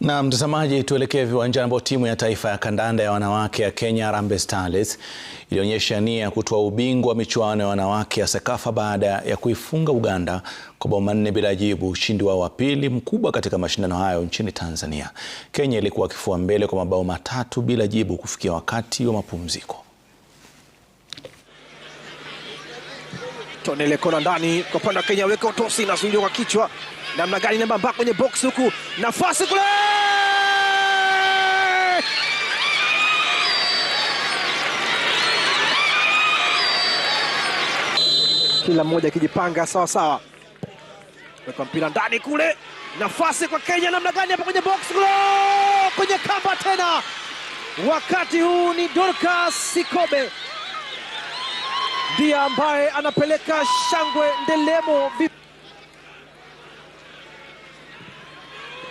Na mtazamaji, tuelekee viwanjani ambapo timu ya taifa ya kandanda ya wanawake ya Kenya Harambee Starlets ilionyesha nia ya kutoa ubingwa michuano ya wanawake ya Sekafa baada ya kuifunga Uganda kwa bao manne bila jibu, ushindi wao wa pili mkubwa katika mashindano hayo nchini Tanzania. Kenya ilikuwa kifua mbele kwa mabao matatu bila jibu kufikia wakati wa mapumziko. Tonele kona ndani kwa upande wa Kenya, weka utosi, inazuiliwa kwa kichwa namna gani, namba mbaka kwenye box huku, nafasi kule kila mmoja akijipanga sawa sawa, weka mpira ndani kule, nafasi kwa Kenya namna gani hapa kwenye box kwenye kamba tena. Wakati huu ni Dorcas Sikobe ndiye ambaye anapeleka shangwe ndelemo.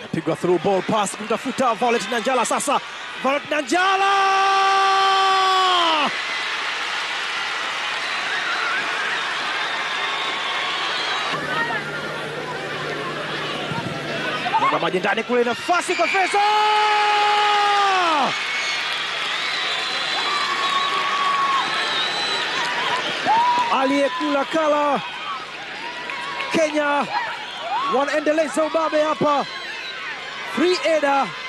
Napigwa through ball pass kumtafuta Violet Nanjala, sasa Violet Nanjala Mtazamaji ndani kule, nafasi kwa Feso aliyekula kala. Kenya wanaendeleza ubabe hapa, free eda